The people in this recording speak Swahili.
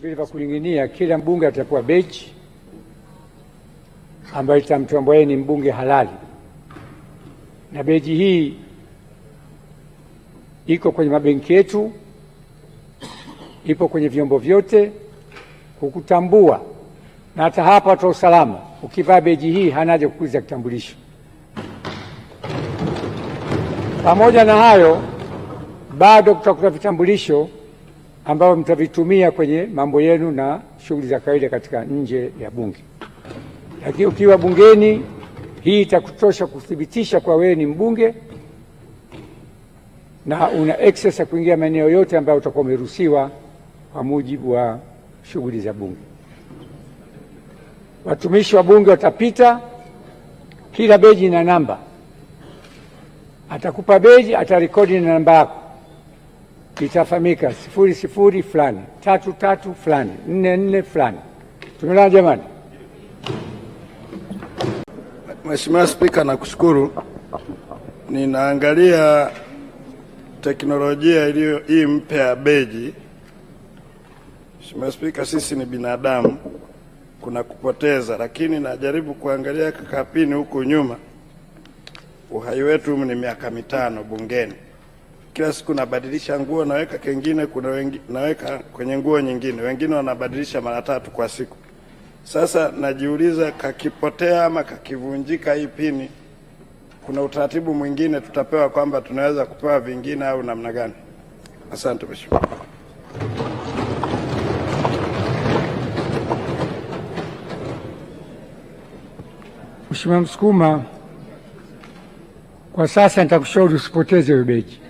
Vilivyo kuling'inia, kila mbunge atakuwa beji ambayo itamtambua yeye ni mbunge halali, na beji hii iko kwenye mabenki yetu, ipo kwenye vyombo vyote kukutambua. Na hata hapa watu wa usalama, ukivaa beji hii hanaje haja kukuuliza kitambulisho. Pamoja na hayo, bado kutakuta vitambulisho ambavyo mtavitumia kwenye mambo yenu na shughuli za kawaida katika nje ya Bunge. Lakini ukiwa bungeni, hii itakutosha kuthibitisha kwa wewe ni mbunge na una access ya kuingia maeneo yote ambayo utakuwa umeruhusiwa kwa mujibu wa shughuli za Bunge. Watumishi wa Bunge watapita, kila beji na namba, atakupa beji, atarekodi na namba yako kitafamika sifuri sifuri fulani tatu tatu fulani nne nne fulani. Tumeelewana jamani? Mheshimiwa Spika, nakushukuru. Ninaangalia teknolojia iliyo hii mpya ya beji. Mheshimiwa Spika, sisi ni binadamu, kuna kupoteza, lakini najaribu kuangalia kakapini huku nyuma, uhai wetu ni miaka mitano bungeni kila siku nabadilisha nguo naweka kengine, kuna wengi, naweka kwenye nguo nyingine, wengine wanabadilisha mara tatu kwa siku. Sasa najiuliza kakipotea ama kakivunjika hii pini, kuna utaratibu mwingine tutapewa kwamba tunaweza kupewa vingine au namna gani? Asante Mheshimiwa. Mheshimiwa Msukuma, kwa sasa nitakushauri usipoteze hiyo beji.